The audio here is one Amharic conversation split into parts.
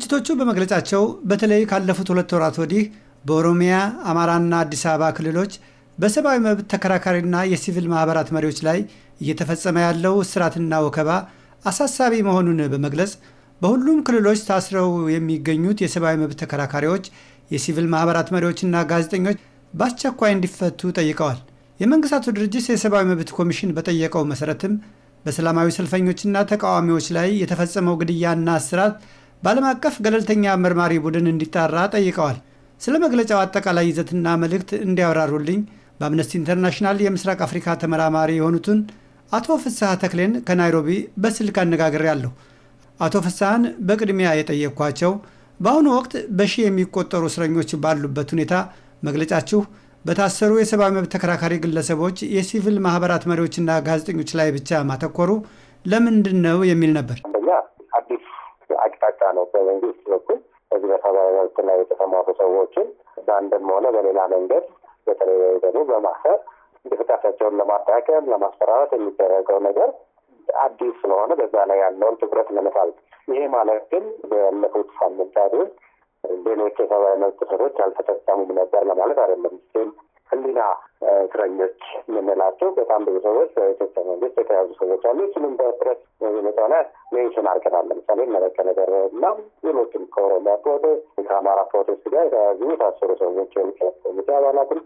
ድርጅቶቹ በመግለጫቸው በተለይ ካለፉት ሁለት ወራት ወዲህ በኦሮሚያ አማራና አዲስ አበባ ክልሎች በሰብአዊ መብት ተከራካሪና የሲቪል ማህበራት መሪዎች ላይ እየተፈጸመ ያለው እስራትና ወከባ አሳሳቢ መሆኑን በመግለጽ በሁሉም ክልሎች ታስረው የሚገኙት የሰብአዊ መብት ተከራካሪዎች፣ የሲቪል ማህበራት መሪዎችና ጋዜጠኞች በአስቸኳይ እንዲፈቱ ጠይቀዋል። የመንግስታቱ ድርጅት የሰብአዊ መብት ኮሚሽን በጠየቀው መሰረትም በሰላማዊ ሰልፈኞችና ተቃዋሚዎች ላይ የተፈጸመው ግድያና እስራት በዓለም አቀፍ ገለልተኛ መርማሪ ቡድን እንዲጣራ ጠይቀዋል። ስለ መግለጫው አጠቃላይ ይዘትና መልእክት እንዲያብራሩልኝ በአምነስቲ ኢንተርናሽናል የምስራቅ አፍሪካ ተመራማሪ የሆኑትን አቶ ፍስሐ ተክሌን ከናይሮቢ በስልክ አነጋግሬያለሁ። አቶ ፍስሐን በቅድሚያ የጠየቅኳቸው በአሁኑ ወቅት በሺህ የሚቆጠሩ እስረኞች ባሉበት ሁኔታ መግለጫችሁ በታሰሩ የሰብአዊ መብት ተከራካሪ ግለሰቦች፣ የሲቪል ማህበራት መሪዎችና ጋዜጠኞች ላይ ብቻ ማተኮሩ ለምንድን ነው የሚል ነበር። አቅጣጫ ነው በመንግስት በኩል በዚህ በሰብአዊ መብት ላይ የተሰማሩ ሰዎችን በአንድም ሆነ በሌላ መንገድ በተለይ ደግሞ በማሰር እንቅስቃሴያቸውን ለማዳከም ለማስፈራራት የሚደረገው ነገር አዲስ ስለሆነ በዛ ላይ ያለውን ትኩረት ለመሳብ ይሄ ማለት ግን ባለፉት ሳምንታት ውስጥ ሌሎች የሰብአዊ መብት ጥሰቶች አልተፈጸሙም ነበር ለማለት አይደለም። ህሊና እስረኞች የምንላቸው በጣም ብዙ ሰዎች በኢትዮጵያ መንግስት የተያዙ ሰዎች አሉ። እሱንም በፕሬስ የመጣነ ሜንሽን አድርገናል። ለምሳሌ መለቀ ነገር እና ሌሎችም ከኦሮሚያ ፕሮቴስት ከአማራ ፕሮቴስት ጋር የተያዙ የታሰሩ ሰዎች የሚቀት ኮሚቴ አባላትን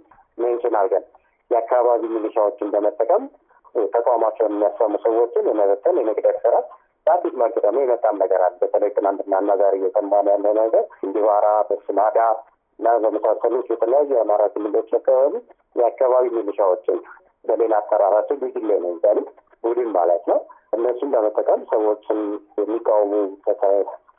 ሜንሽን አድርገን የአካባቢ ሚሊሻዎችን በመጠቀም ተቋማቸውን የሚያሰሙ ሰዎችን የመበተን የመግደል ስራ በአዲስ መልክ ደግሞ የመጣም ነገር አለ። በተለይ ትናንትናና ዛሬ እየሰማን ያለው ነገር እንዲባራ በስማዳ እና በመሳሰሉት የተለያዩ የአማራ ክልሎች አካባቢ የአካባቢ ሚሊሻዎችን በሌላ አጠራራቸው ብይል ላይ ነው የሚባሉት ቡድን ማለት ነው። እነሱን በመጠቀም ሰዎችን የሚቃወሙ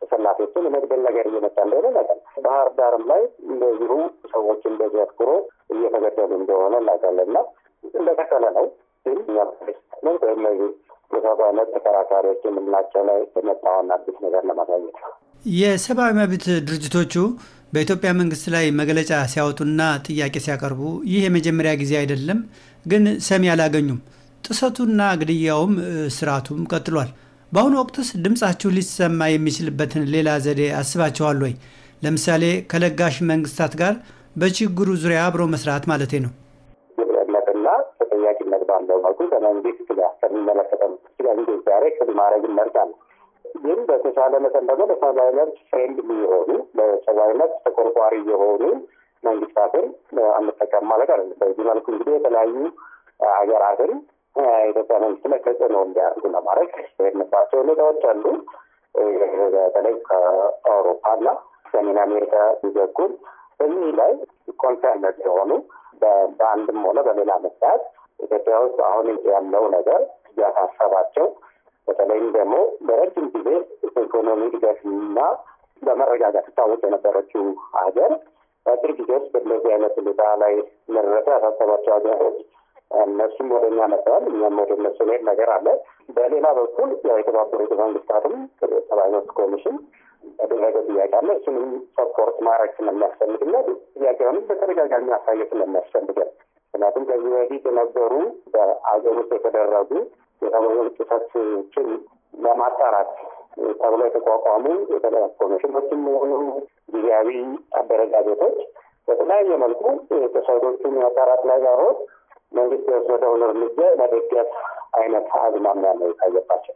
ተሰላፊዎችን የመግደል ነገር እየመጣ እንደሆነ ነገር ባህር ዳርም ላይ እንደዚሁ ሰዎች እንደዚህ አትኩሮ እየተገደሉ እንደሆነ እናውቃለንና እንደቀጠለ ነው። ግን እኛ ፕሬስመንት ወይም የሰብአዊ መብት ተከራካሪዎች የምንላቸው ላይ የመጣውን አዲስ ነገር ለማሳየት ነው። የሰብአዊ መብት ድርጅቶቹ በኢትዮጵያ መንግስት ላይ መግለጫ ሲያወጡና ጥያቄ ሲያቀርቡ ይህ የመጀመሪያ ጊዜ አይደለም፣ ግን ሰሚ አላገኙም። ጥሰቱና ግድያውም ስርዓቱም ቀጥሏል። በአሁኑ ወቅትስ ድምፃችሁ ሊሰማ የሚችልበትን ሌላ ዘዴ አስባችኋል ወይ? ለምሳሌ ከለጋሽ መንግስታት ጋር በችግሩ ዙሪያ አብሮ መስራት ማለት ነው። ግብረለጥና ተጠያቂነት ባለው መልኩ በመንግስት ጋር ከሚመለከተው ዛሬ ማድረግ እንመርጣለን። ግን በተቻለ መጠን ደግሞ ለሰብአዊ መብት ፍሬንድሊ የሆኑ ለሰብአዊ መብት ተቆርቋሪ የሆኑ መንግስታትን አንጠቀም ማለት አለ። በዚህ መልኩ እንግዲህ የተለያዩ ሀገራትን የኢትዮጵያ መንግስት ላይ ተጽዕኖ እንዲያርጉ ለማድረግ የሄድንባቸው ሁኔታዎች አሉ። በተለይ ከአውሮፓና ሰሜን አሜሪካ በኩል በዚህ ላይ ኮንሰርነት የሆኑ በአንድም ሆነ በሌላ ምክንያት ኢትዮጵያ ውስጥ አሁን ያለው ነገር እያሳሰባቸው በተለይም ደግሞ በረጅም ጊዜ በኢኮኖሚ እድገትና በመረጋጋት ትታወቅ የነበረችው ሀገር በአጭር ጊዜ ውስጥ በእንደዚህ አይነት ሁኔታ ላይ መድረሱ ያሳሰባቸው ሀገሮች እነሱም ወደ እኛ መጥተዋል፣ እኛም ወደ እነሱ መሄድ ነገር አለ። በሌላ በኩል ያው የተባበሩት መንግስታትም ሰብአዊ መብት ኮሚሽን ያደረገ ጥያቄ አለ። እሱንም ሰፖርት ማድረግ ስለሚያስፈልግና ጥያቄውን በተደጋጋሚ አሳየት ስለሚያስፈልገን ምክንያቱም ከዚህ በፊት የነበሩ በአገር ውስጥ የተደረጉ የተበሉ ጥሰቶችን ለማጣራት ተብሎ የተቋቋሙ የተለያዩ ኮሚሽኖችም የሆኑ ጊዜያዊ አደረጃጀቶች በተለያየ መልኩ ጥሰቶቹን ማጣራት ላይ ሳይሆን መንግስት የወሰደውን እርምጃ መደገፍ አይነት አዝማሚያ ነው የታየባቸው።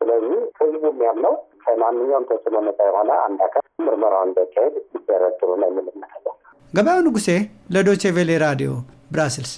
ስለዚህ ህዝቡም ያለው ከማንኛውም ተጽዕኖ ነጻ የሆነ አንድ አካል ምርመራው እንዲካሄድ ይደረግ ጥሩ ነው የምንመለው። ገበያው ንጉሴ ለዶቼ ቬሌ ራዲዮ ብራስልስ